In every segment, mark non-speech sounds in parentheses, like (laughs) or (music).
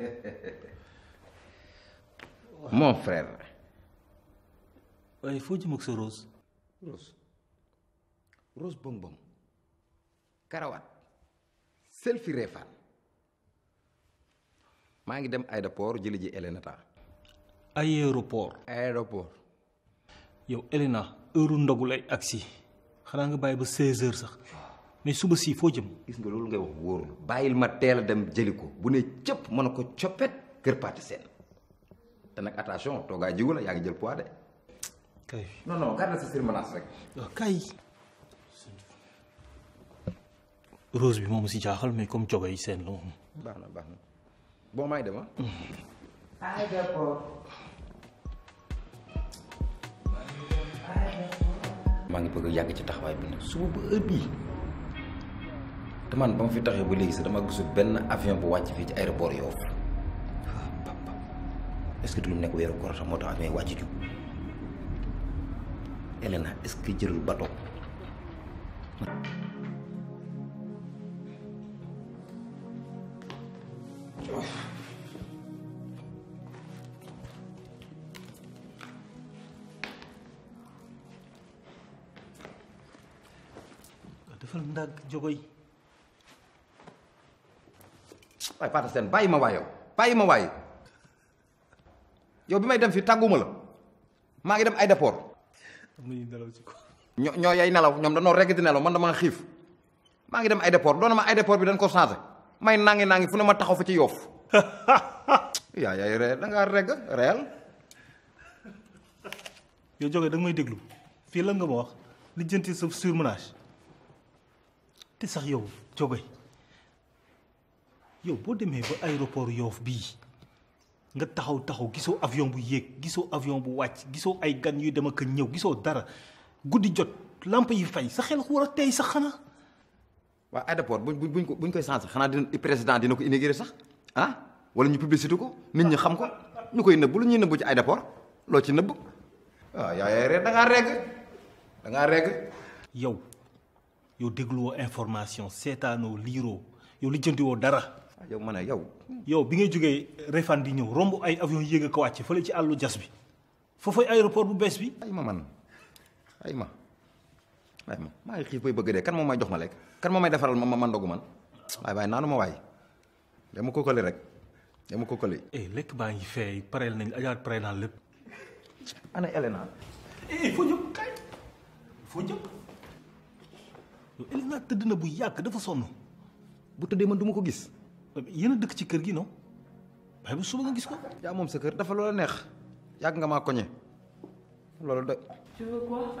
(laughs) mon frère il faut que ak sa rose rose rose bong bong karawaat selfie reefaan maa ngi dem aéroport jëli ji Elena ta aéroport aéroport yow Elena heure ndogu lay agsi xanaa nga bàyyi laisser 16 heures mais suba si fo jëm gis nga lolou ngay wax wóoru bayil ma téla dem jëliko ko bu né cëpp mën ko coppet kër parti sen té nak attention toogaa jigu la yaa ngi jël poids dé kay non non garde sa menace rek kay rose bi mom si jaxal mais comme jogoy sen la baxna baxna bon may dem ah ay d'accord maa ngi bëgg yàgg ci bi suba heure te man bam fi taxé bu légui sa dama gisul ben avion bu wacc fi ci aéroport Yoff ya, est-ce que du nek nekk weeru koor tax avion wacc ju Elena est-ce que jërul bato defal waaye Pathé Sène bàyyi ma waay yow bàyyi ma waay yow bi may dem fii tàgguma la maa ngi dem ay aéroport. ñoo ñoo yay nelaw ñoom dañoo regg di nelaw man damaa xiif maa ngi dem ay doon na ma ay aéroport bi dañ ko changé may nangi nangi fu ne ma taxaw fa ci yoof yaa (laughs) yaay ree da ngaa regg réel. yow jógee da may déglu fii lan nga ma wax li jënti sa surmenage te sax yow jógee yow boo demee ba aéroport yoof bii nga taxaw taxaw gisoo avion bu yéeg gisoo avion bu wàcc gisoo ay gan yu dem ak ñëw gisoo dara guddi jot lampe yi fay sa xel war a tey sax xanaa waaw aéroport buñ buñ ko buñ koy sensé xanaa dina président dina ko inaugurer sax ah wala ñu publicité ko nit ñi xam ko ñu koy nëbb lu ñuy nëbb ci aéroport loo ci nëbb waaw yaa yaa reer da ngaa regg da ngaa regg yow yow dégluwoo information seetaanoo liiroo yow lijjantiwoo dara Ah, yow ma ne yow. yow bi ngay jógee Refane di ñëw romb ay avion yéeg a ko wàcc fële ci àllu jas bi foofay aéroport bu bees bi. ay ma man ay ma ay maa ngi xiif bay bëgg dee kan moom may jox ma lekk kan moo may defaral ma man ndogu man waaye waaye naanu ma waay dama ko kële rek dama ko kële. Eh, lekk baa ngi fay pareel nañ ajaar pareel naa lépp. ana Elena. eh foo jëm foo jëm. Elena tëdd na bu yàgg dafa sonn bu tëddee man duma ko gis. yéen a dëkk ci kër gi non bay bu suba nga gis ko. yaa moom sa kër dafa loola neex yàgg nga maa koñe loolu de. tu veux quoi.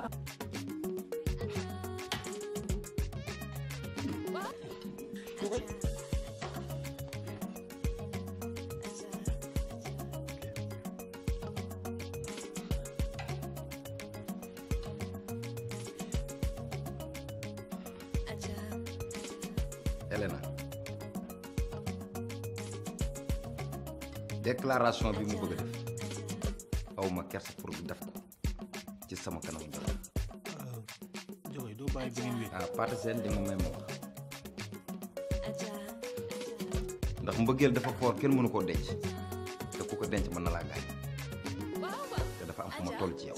Elena. déclaration bi mu bëgg a def awma ma kersa pour def ko ci sama kanam Ndiobé. joxe do bay bi ñu wéy. ah partisan di ma même wax ndax bëggel dafa xor kenn mënu ko denc te ku ko denc mën na laa gaañ te dafa am fu toll ci yow.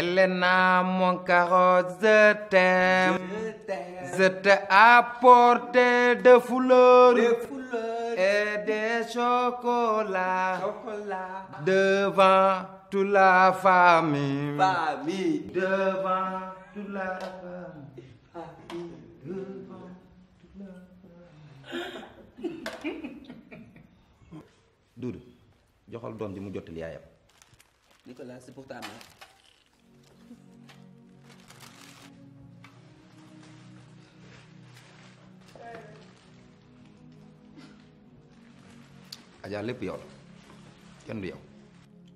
Elena, mon carot, je t'aime. Je t'ai apporté de fleurs. chocolat, devant toute la famille, famille. devant toute la famille, devant toute la famille. Doudou, joxal un mu jottali yaayam. Nicolas, c'est pour ta mère. Adja lépp yow la kenn du yow.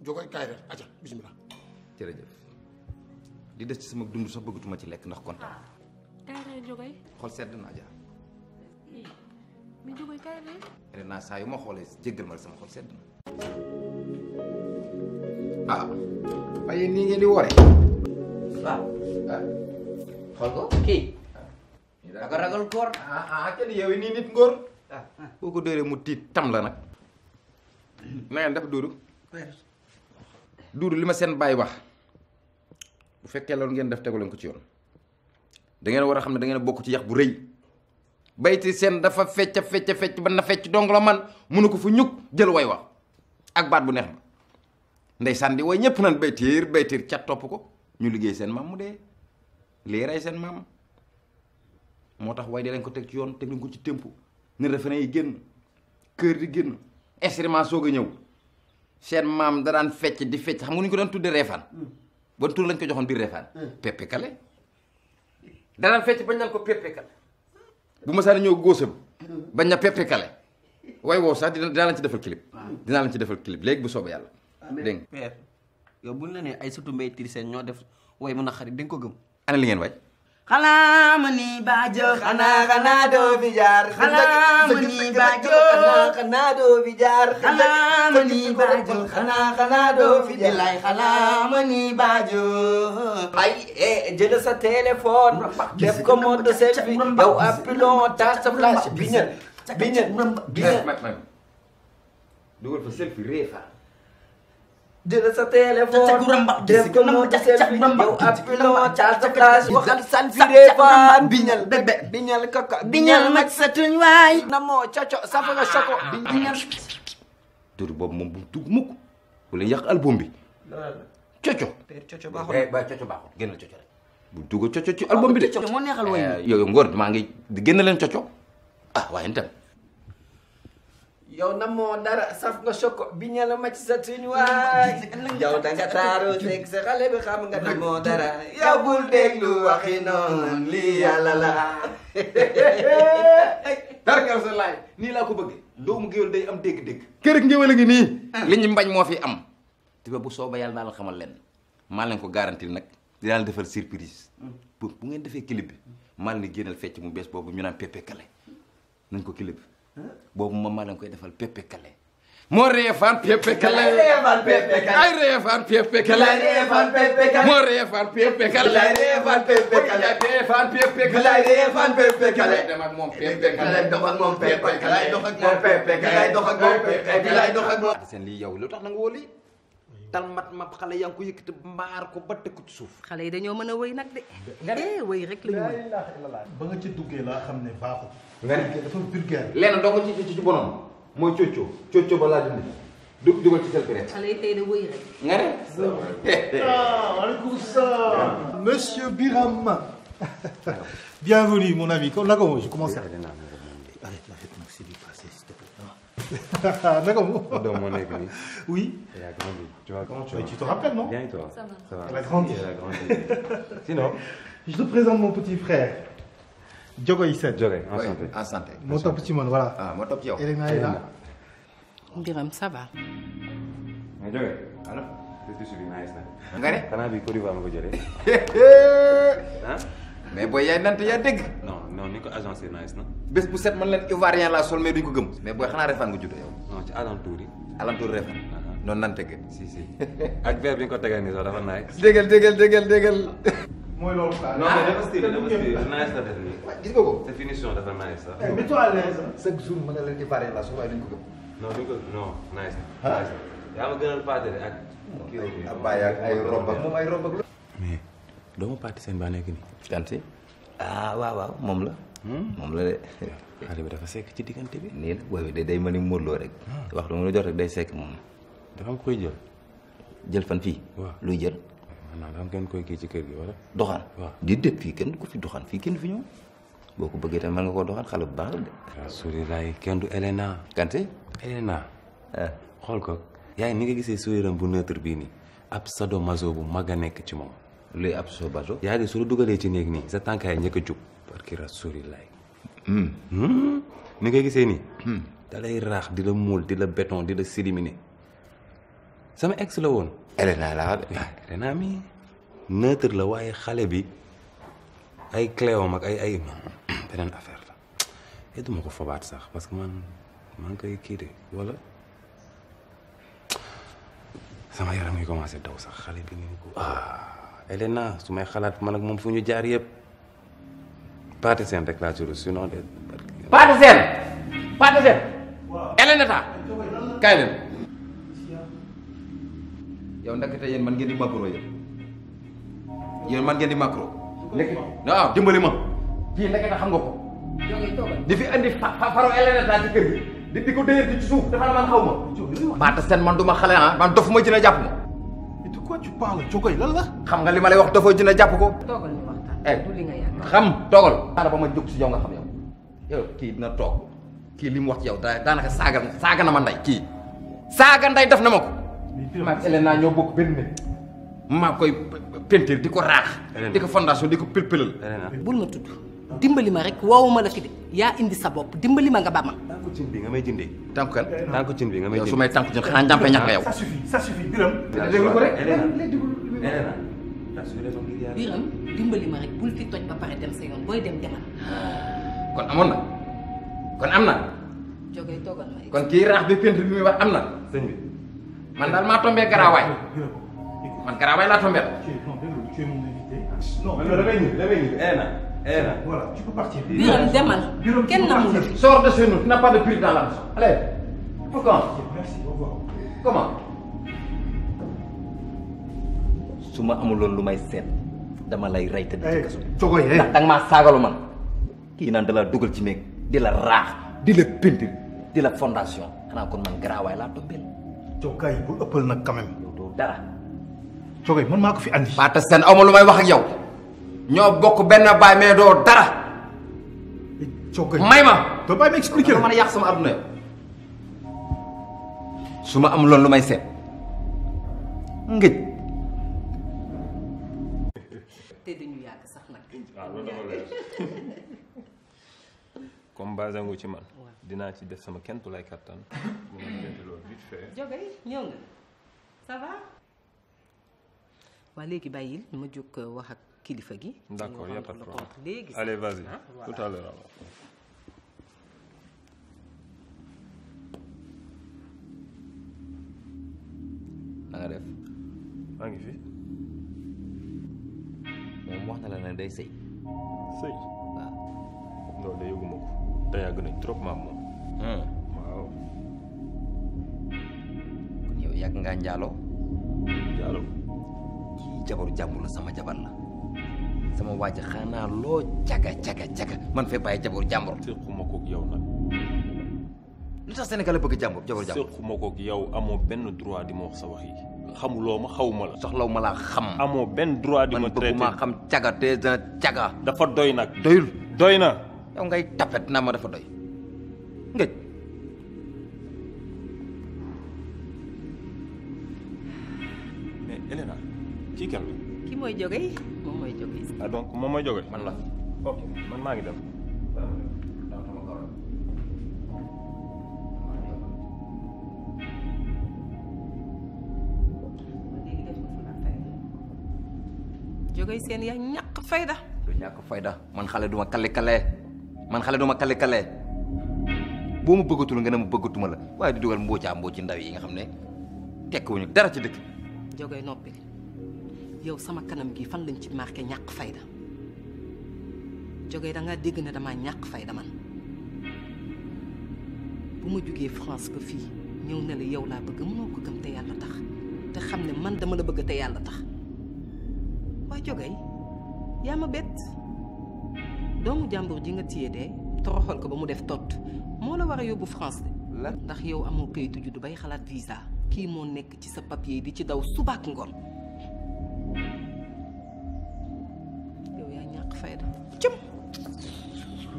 Jokalante kaay reer Adja bisimilah. jërëjëf di des ci ah, sama dund sax bëggatuma ci lekk ndax kontaan. kaay reer Jokal. xol sedd na Adja. mais Jokal kaay reer. nee naa saa yu ma xoolee jéggal ma sama xol sedd na. ah waaye nii ngeen di woore. ah xool ko kii. ragal ragal góor. ah ah kenn yow nii nit ngóor. ah boo ko dóoree mu tiit tam la nak na ngeen def duudu lima sen ma seen wax bu fekke loolu ngeen def tegalon ko ci yoon da ngeen wara xamne da ngeen bokku ci yax bu rëy bayti sen dafa fecc fecc fecc ban na fecc dong la man munu fu ñuk jël way wax ak baat bu neex ndey sandi way ñepp nan baytir baytir cat top ko ñu liggey sen mam mu de lii rey seen maam moo way di lañ ko tek ci yoon tek ko ci ne yi genn keur di genn instrument soog a ñëw seen maam da daan fecc di fecc xam nga nu ñu ko doon tudde reefaan hmm. ban tur lañ ko joxoon biir reefaan hmm. peppe kale da daan fecc bañ naan ko peppe bu ma saa ñëw góosam hmm. bañ na peppe kale way woow sax dina dinaa lañ ci defal clip dinaa lañ ci defal clip léegi bu soobee yàlla dégg nga père yow la nee ay sutu mbay tir seen ñoo def way mun a xarit di ko gëm ana li ngeen xanaa ma ni baajo xanaa xanaa doo fi jaar xanaa ma ni baajo xanaa xanaa doo fi jaar xanaa ma ni baajo xanaa xanaa doo fi jaar lay xanaa ni baajo ay e, jël sa téléphone def ko mode selfie yow appilon tas sa flash biñal biñal biñal dugal fa selfie reefa jël sa téléphone def ko moom di selfie yow appiloo caas sa place waxal salfiré fan biñal bébé biñal koko biñal maj sa tuñ waay na moo coco safa nga soko ah, biñal tur boobu moom bu tug mukk wala yàq album bi coco coco baaxul eh, ba coco baaxul génn coco rek bu duga coco ci ah, bi de moo neexal way eh, yow ngor maa di génn leen coco ah waaye itam yow na moo dara saf nga soko bi ña ma sa tuñ waay yow danga taaru teg sa xale bi xam nga na moo dara yow bul déglu waxi noon lii yàlla la tarkal sa laay nii laa ko bëgg doomu géwél day am dégg-dégg kër ak ngéwél a ngi nii li ñu mbañ moo fi am te ba bu sooba yàlla naa la xamal leen maa leen ko garantir nag dinaa la defal surprise bu ngeen defee clip bi maa leen génnal fecc mu bees boobu ñu naan Pépé Kale nañ ko clip boobu moom maa leen koy defal pepe kale. moo reefaan pepe kale. ay reefaan pepe kale. ay reefaan pepe kale. ay reefaan pepe kale. moo reefaan pepe kale. ay reefaan pepe kale. ay reefaan pepe kale. ay reefaan pepe kale. ay dem ak moom pepe kale. ay dox ak moom pepe kale. ay dox ak moom pepe kale. ay dox ak moom pepe kale. ay dox ak moom. seen lii yow lu tax na nga woo lii. talmat ma xalé yang ko yëkëti mbar ko ba tekku ci suuf xalé dañu mëna wëy nak dé eh wëy rek lañu la ilaha ba nga ci duggé la xamné baaxu nga dafa vulgaire léna do ko ci ci bonom moy ciocio ciocio ba la dindi dug dugal ci sel rek xalé tay da wëy rek nga rek ah, alaykum salam monsieur biram bienvenue mon ami comme là comment je (laughs) Naka mu. mon doom moo nekk nii. oui. elle a grandi tu vois. comment tu vois. tu te rappelles non. bien et toi. ça va elle a grandi elle a grandi. (laughs) sinon. je te présente mon petit frère. Diogoy Sène. Diogoy en santé en santé. moo petit ci voilà. ah moo topp ci yow. Birame ça va. mais Diogoy alors. discussion bi nice na. nga ne. xanaa bi Côte d'Ivoire ma ko jëlee. mais booy yaay nant yaa dégg. non ni ko agencé nice na. bés bu set man leen ivoirien laa sol mais duñ ko gëm. mais booy xanaa refaan nga juddoo yow. noonu nan tege. si si ak verre bi nga ko tegee nii sax dafa nice. déggal déggal déggal déggal. mooy loolu quoi. non mais ah, dafa stylé dafa stylé nice la def nii. waaw ah. eh, na. nice na yaa ma gënal paate de ak. kii ak ay rob ak moom ay rob ak. mais doo ma seen baa nekk nii. ah waaw waaw moom la. Hmm? moom la de. xale bi dafa sekk ci diggante bi. nii nag booy bi day mel ni mbooloo rek. waxtu mu la jot rek day sekk moom. dafa am koy jël. jël fan fii. waaw luy jël. maanaam dafa ngeen koy kii ci kër gi wala. doxaan waaw di dëpp fii kenn ku fi doxaan fii kenn fi ñëw. boo ko bëggee tamit mën nga koo doxaan xale bu baax la de. waaw kenn du Elena. Kan, eh. Elena. xool ko. yaay ni nga gisee sourire bu neutre bii nii ab lay ab so bato ya di suru dugale ci neeg ni sa tankay yaa juk barki rasulillah hmm. hmm, ni ngay gisee ni hmm. da lay raax di la muul di la beton di la sama ah, ex la won elena la de elena mi neutre la waye xale bi ay cléo mak ay ay (clears throat) benen affaire la et duma ko fobat sax parce que man man kay koy wala sama yaram ngi commencé daw sax xale bi ni ko ah Elena su xalat man ak mom fuñu jaar yeb. Pathé rek la ci rus de. Pathé Sène Elena ta? kaay leen. yow ya, ndekete yeen man ngeen di macro yéen ya. Yeen man ngeen di macro. Nek waaw dimbali ma. kii ndekete xam nga ko. di fi andi faro Elena ta ci keur bi. di di ko déyati ci suuf dafa man xawma. ma. man duma xale man dofuma ci na japp de quoi tu parles xam nga li ma lay wax dafa dina jàpp ko. toogal ñu waxtaan eh, xam toogal. xaaral ma jóg si yow kii dina toog kii li mu wax ci yow daanaka saaga saaga na ma nday kii saaga nday def na ma ko. ma ak Elena ñoo bokk benn maa koy peinture di ko raax. di ko fondation di ko pilpilal. bul ma tudd. dimbali ma rek wawuma la fi de ya indi sa bop dimbali ma nga ba ma cin bi nga may jinde tanku kan tanku cin bi nga may jinde sumay tanku tànku xana xanaa ñak nga yow ça suffit ça suffit biram déglu ko rek biram dimbali ma rek bul fi toj ba pare dem sa yoon boy dem demal kon amoon na kon amna? na togal ma kon ki raax bi peintre bi muy wax amna señ bi man dal ma tomber graway man garaawaay laa tombee non da ngay ñëw da ngay ñëw Eh, voilà, tu peux partir. Biram, demal. Biram, quel nom Sors de chez nous, tu n'as pas de prix dans la maison. Allez, pourquoi Merci, au revoir. Comment Suma amulon lumay set dama lay ray te dëkk eh, kasso togo ye eh. ndax ma sagalu man ki nan dala duggal ci di la di la di la fondation xana kon man graway la topel bu eppal nak quand même dara togay man mako fi andi ba ta sen awma lumay wax ak yow ño bok ben bay mais do dara may ma doo bàyyi ma expliquer man a sama aduna suma am loolu lu may seet ngëj te dañu yàgg sax nak ah, (laughs) comme basangu ci man dina ci def sama kentou lay kattan mu ngi jënd loolu vite fait jóge ñëw nga ça va waa léegi bayil ma juk euh, wax ak kilifa gi. d'accord y a pas de problème allez vas-y hein, tout à l'heure là nga def. ma ngi fi. moom wax na la ne day sey sey waaw. de yëguma ko. te nañ trop hmm. waaw. kon yow ça nga njaaloo. ça sama sama waa ji xanaa loo caga caga caga man fee bàyyi jaboor jàmbur. sequma koog yow nag. lu tax Sénégal bëgg jàmbur jaboor jàmbur. sequma koog yow amoo benn droit di ma wax sa wax yi. xamuloo ma xaw ma la. soxlaw ma laa xam. amoo benn droit di ma traité man xam caga te dafa doy nag. doyul doy na. yow ngay tapet naa ma dafa doy ngëj. ki mooy jógee. jógee si. ah donc moom mooy jógee. man la ok man maa ngi dem. jógee seen yaa ñàkk fayda. du ñàkk fayda man xale duma kale kale man xale duma kale kale boo ma bëggatul nga ne ma la waaye di dugal mboocaa mbooci ndaw yi nga xam ne tekkuñu dara ci dëkk. jógee noppi. yow sama kanam gi fan lañ ci marke ñàkk fayda joge dangaa dégg na damaa ñàkk fayda man bu ma jógee France ba fii ñëw ne la yow laa bëgg mënoo ko gëm te yàlla tax te xam ne man dama la bëgg te yàlla tax waa jógee yaa ma bett doomu jàmbur ji nga téye dee toroxal ko ba mu def tot moo la war a yóbbu France de. ndax yow amoo kayitu juddu bay xalaat visa. kii moo nekk ci sa papier bi ci daw subaak ngoon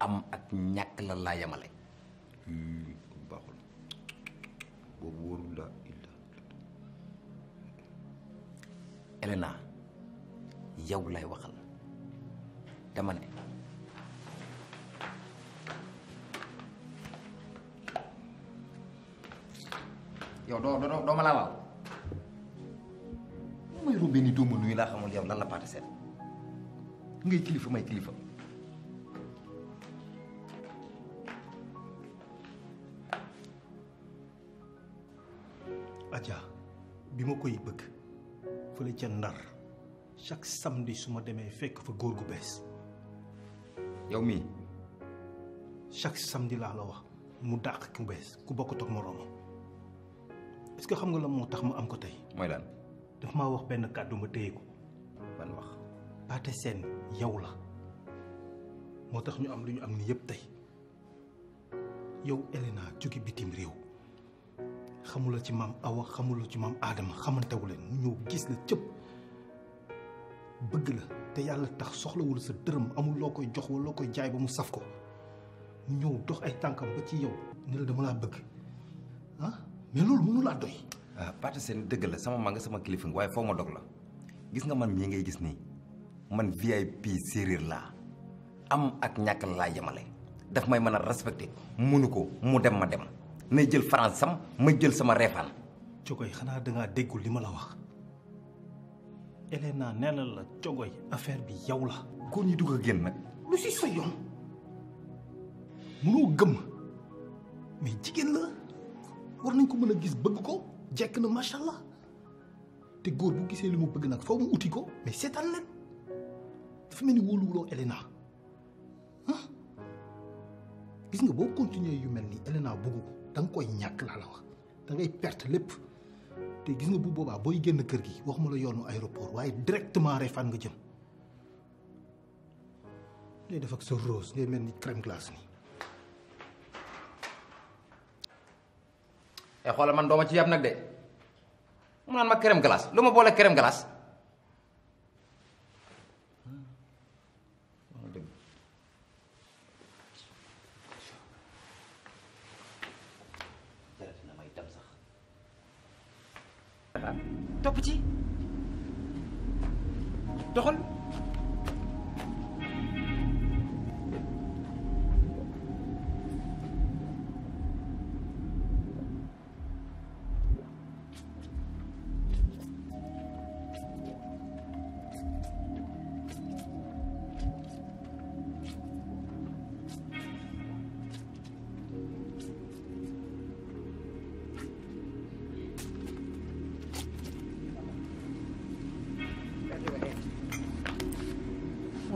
am ak ñak la la yamale hmm, baaxul boobu wóorul la illa Elena yow lay waxal dama ne yow do do do ma laa waaw may rombee ni mo nuy la xamul yow lan la paate seet ngay kilifa may kilifa Aja, bi ma koy bëgg jenar. ca ndar chaque samedi su ma demee fekk fa góor gu bees. yow mii. chaque samedi laa la wax mu dàq ku bees ku bokkut ak moroomam est-ce que xam nga la ma am ko lan. daf wax ma ko. am lu am ni Elena jóge bitim réew. xamuloo ci maam Awa xamula ci maam Adama xamantewu leen mu ñëw gis la cëpp bëgg la te yàlla tax soxlawul sa dërëm amul loo koy jox wala loo koy jaay ba mu saf ko mu ñëw dox ay tànkam ba ci yow ni la dama laa bëgg ah loolu mënu laa doy. ah dëgg la sama mag sama kilifa nga waaye foo ma dog la gis nga man mii ngay gis nii man VIP séeréer laa am ak ñàkk laa yemale daf may mën a respecté munu ko mu dem ma dem. nay jël France sam ma jël sama reefaan. Cogoy xanaa dangaa déggul li ma la wax Elena nee na la Cogoy affaire bi yow la. góor ñi dugg a génn nag lu si sa yoon mënoo mais jigéen la war nañ ko mën a gis bëgg ko jekk na macha allah te góor bu gisee li mu bëgg nag faw mu uti ko mais seetaan leen dafa mel ni wóoluwuloo Elena gis nga boo continuer yu mel ni Elena bëgg ko. da nga koy ñàkk laa la wax da ngay perte lépp te gis nga bu boobaa booy génn kër gi waxuma la yoonu aéroport waaye directement fan nga jëm ngay def ak sa rose ngay mel ni crème glace nii eh xoolal man dooma ci yab nag de mu naan ma crème glace lu ma boole crème glace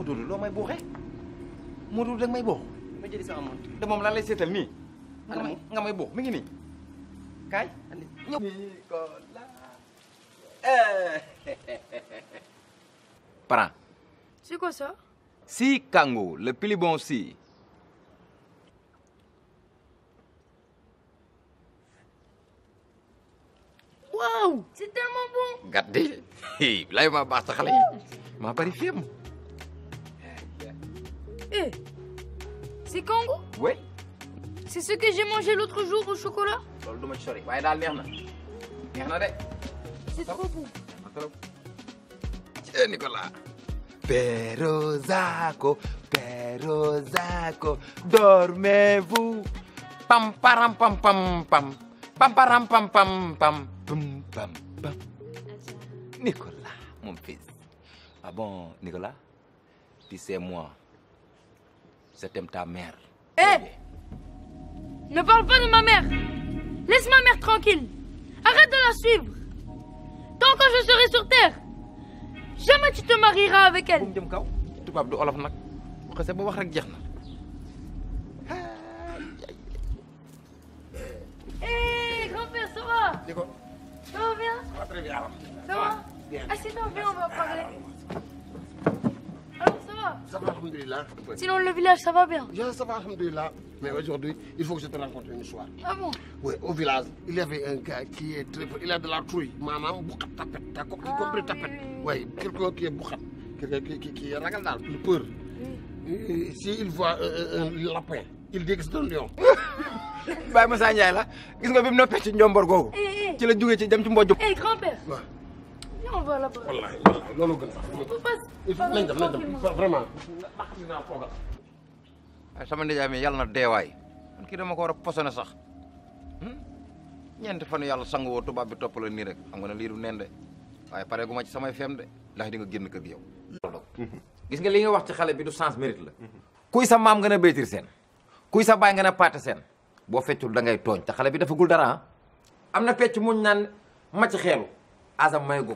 dulu lo may buuxee mu mau dulu nga may buux. mau jadi sama montre. te moom laa lay seetal nii. nga may buux mi ngi nii. kaay andi ñëw. Prends. C'est quoi ça Si Kango, le plus bon si. Wow, c'est tellement bon. Regardez. Là, il va battre. Ma pari ferme. Eh, c'est Congo. Oh, oui. C'est ce que j'ai mangé l'autre jour au chocolat C'est trop bon. Tiens, Nicolas. Perozaco, Perozaco, dormez-vous. Pam, param, pam, pam, pam. Pam, param, pam, pam, pam. Pum, pam, pam. Nicolas, mon fils. Ah bon, Nicolas Tu sais, moi. C'est ta mère. Hé eh Ne parle pas de ma mère Laisse ma mère tranquille Arrête de la suivre Tant que je serai sur terre, jamais tu te marieras avec elle. Hé, eh, grand-père, ça va Ça va bien Ça va Assieds-toi, ah, viens, on va parler. Ça va, Alhamdulillah. Sinon, le village, ça va bien yeah, ça va, Alhamdulillah. Mais aujourd'hui, il faut que je te rencontre une soirée. Ah bon Oui, au village, il y avait un gars qui est très... Il a de la trouille. Maman, Boukhat Tapet, t'as ah compris ah, oui. Tapet Oui, quelqu'un qui est Boukhat, quelqu'un qui, qui, qui est Ragaldal, qui peur. Oui. S'il si voit euh, euh, un lapin, il dit que c'est un lion. (laughs) Baye Moussa Ndiaye la, gis nga bim Tu ci ñombor gogu. Eh, eh. Ci la jugé ci dem ci mbojum. Eh grand-père. ñoo wala ba wallahi wallahi loolu gën sama nijaay mi yàlla na deewaay man kii dama ko war a posone sax ñeenti fan yàlla sang woo tubaab bi topp la nii rek xam nga ne lii du nen de waaye pare gu ma ci samay fem de ndax di nga génn kër gi yow gis nga li nga wax ci xale bi du sens mérite la kuy sa maam nga ne béytir seen muñ naan ma ci xeelu asam may gu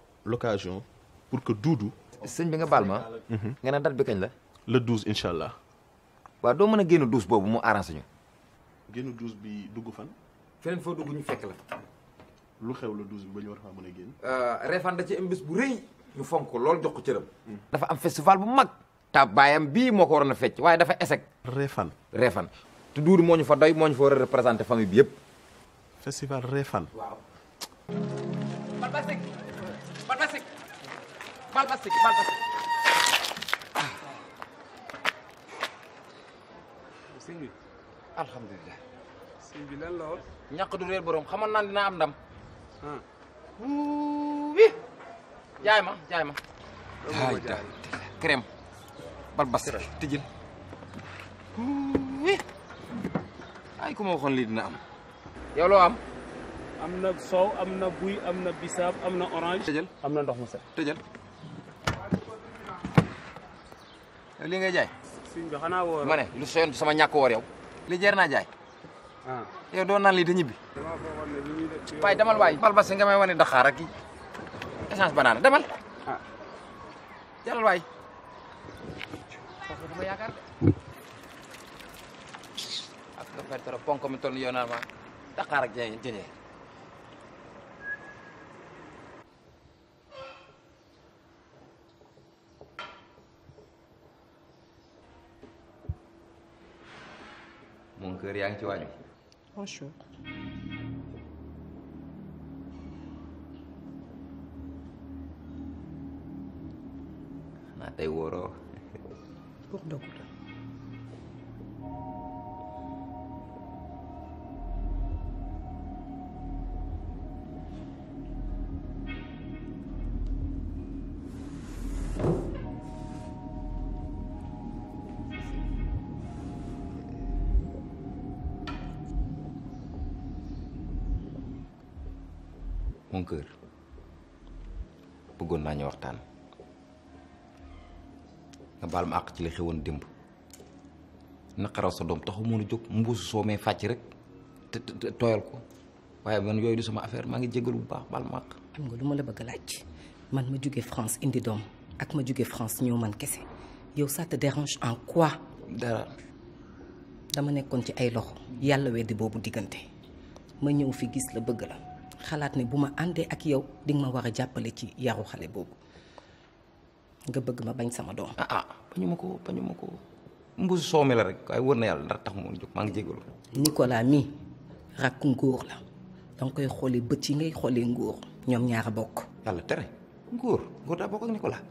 l'occasion pour que Doudou. sëñ bi nga baal ma. Mhm. nga ne date bi kañ la. le 12 incha allah. waaw doo mën a génn douze boobu mu arrangé ñu. génn douze bi dugg fan. feneen foo dugg ñu fekk la. lu xew la douze bi ba ñu war mën a génn. Euh, Refane da ci am bu rëy. ñu fonk loolu jox ko cëram. Mhm. dafa am festival bu mag. ta baayam bii moo ko waroon a fecc waaye dafa échec. Refane. Refane te Doudou moo ñu fa day moo ñu fa war a représenté famille bi yëpp. festival Refane. Bal plastik, bal plastik. Ah. sëñ bi. alhamdulilah. sëñ bi lan la woon. ñàkk du réer borom xamoon naa dinaa am ndam. wuubi. jaay ma jaay ma. jaay jaay crème. bal plastik tijjil. wuubi. ay ku ma waxoon dina am. yow loo am. am na soow am buy am na bisaab orange. tëjal amna na ndox mu set tëjal. yow li ngay jaay sëñ bi xanaa woor ma lu soyoon sama ñàkk woor yow li jeer naa jaay yow doo naan lii te ñibbi waaye demal waay bal basi nga may wane daxaar ak essence banaana demal jalal waay dama ak nga fay mi ak 科里安去玩去。我说。Nate oh, woro. Kok udah udah. mon cœur bëggoon naa ñu waxtaan nga baal ma àq ci li xewoon démb naqaraw sa doom taxu mën a jóg mbuusu soo may fàcc rek te tooyal ko waaye man yooyu du sama affaire maa ngi jégalu bu baax baal ma àq. xam nga lu ma la bëgg laaj man ma jóge France indi doom ak ma jóge France ñëw man kese yow ça te dérange en quoi. dara. dama nekkoon ci ay loxo yàlla weddi boobu diggante ma ñëw fi gis la bëgg la. xalaat ne bu ma àndee ak yow di ma war a jàppale ci yaru xale boobu nga bëgg ma bañ sama doom. ah ah bañu ma ko bañu ma ko mbuus soome la rek waaye wër na yàlla ndax tax ma woon jóg maa ngi jégalu. Nicolas mii rakk ngóor la da nga koy xoolee bët yi ngay xoolee ngóor ñoom ñaar a bokk. yàlla tere ngóor ngóor daa bokk ak Nicolas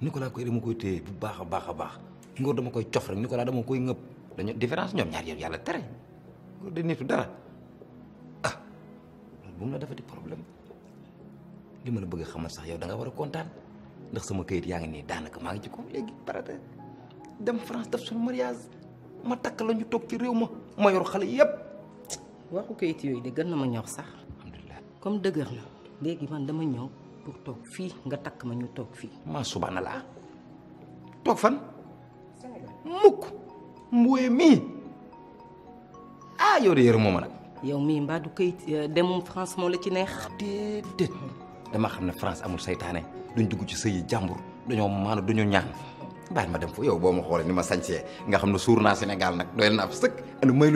Nicolas koy dama koy téye bu baax a baax a baax ngóor dama koy cof rek Nicolas dama koy ngëpp dañu différence ñoom ñaar yow yàlla tere ngóor de nitu dara moom la dafa di problème li ma la bëgg xam sax yow da nga wara a ndax sama kayit yaangi ni danaka ma ngi ci kaw legi parate dem France def sun mariage ma tak la ñu toog ci rew ma ma yor xale yëpp. waxu kayit yoy de gën na ma ñox sax. alhamdullilah comme deugër la legi man dama ñëw pour tok fi nga tak ma ñu tok fi ma subhanallah tok fan. mukk mbuye mii ah yow de yërëmoo ma yow mii mbaa du këyit euh, demum France moo la ci neex. déedéet dama xam ne France amul seytaane duñ dugg ci sëyi jàmbur dañoo maanu duñu ñaan baal ma dem foofu yow boo ma xoolee ni ma sañsee nga xam ne suur naa Sénégal nag doyal naa fi sëkk anu may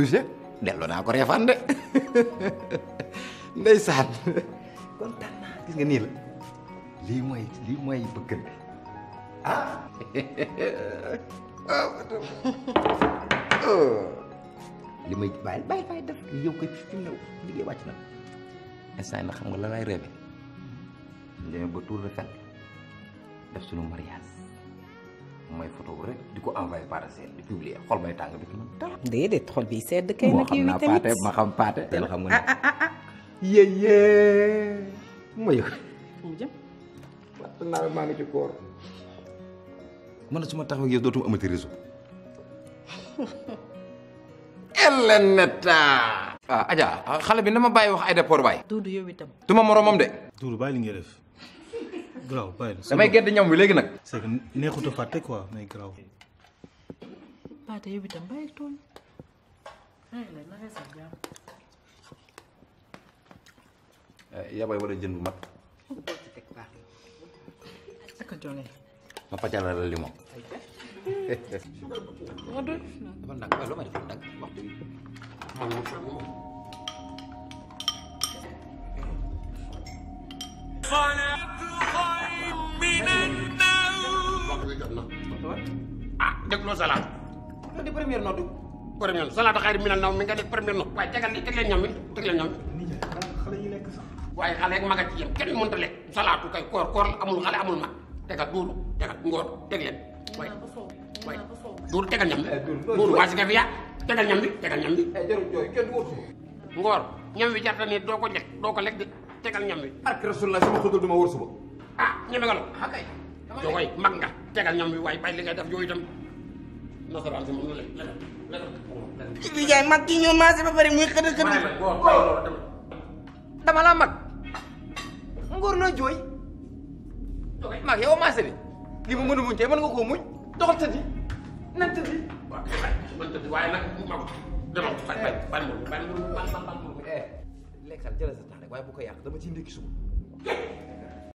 delloo naa ko reefaan de (laughs) ndeysaan kontaan naa gis nii la lii mooy lii mooy bëggante ah. (laughs) ah (laughs) li may bàyyi bàyyi bàyyi def yow ko fi ñëw liggéey wàcc na instant yi na xam nga la lay rêvé ñu demee ba tour de fête def suñu mariage mooy photo bu rek di ko envoyé par bay tàng bi ci man dara déedéet xol bi sedd kay nag yow ma xam paate la xam nga ne ah, ah, ah, yé yé mooy su ma taxaw yow dootuma amati (laughs) yàlla na taa. ah Adja xale bi Tuh ma bàyyi wax ay rapport waay. Doudou yow itam. du ma moromam de. Doudou bàyyi li ngay def garaaw bàyyi. damay gedd ñam bi léegi nag. c'est que neexut a fàtte quoi mais garaaw. Pathé yow itam bàyyi tool yabay wala jën bu mag. ma pàccalal la limon. Aduh. Pendak, kalau main pendak waktu itu. Dek lo salat. Lo di premier no du. Premier salat xair minal naw mi nga def premier no. Way tegal ni teg leen ñam mi, teg leen ñam. Xale yi lekk sax. Way xale ak maga yam kenn mënta lekk. Salatu kay koor koor amul xale amul mag. Tegal duuru, tegal ngoor, teg leen. Way waay duur tegal ñam bi duur waasi nga fi yaa tegal ñam na tëdd. waaw na tëdd waaye bu ma demoon bañ bañ bañ bañ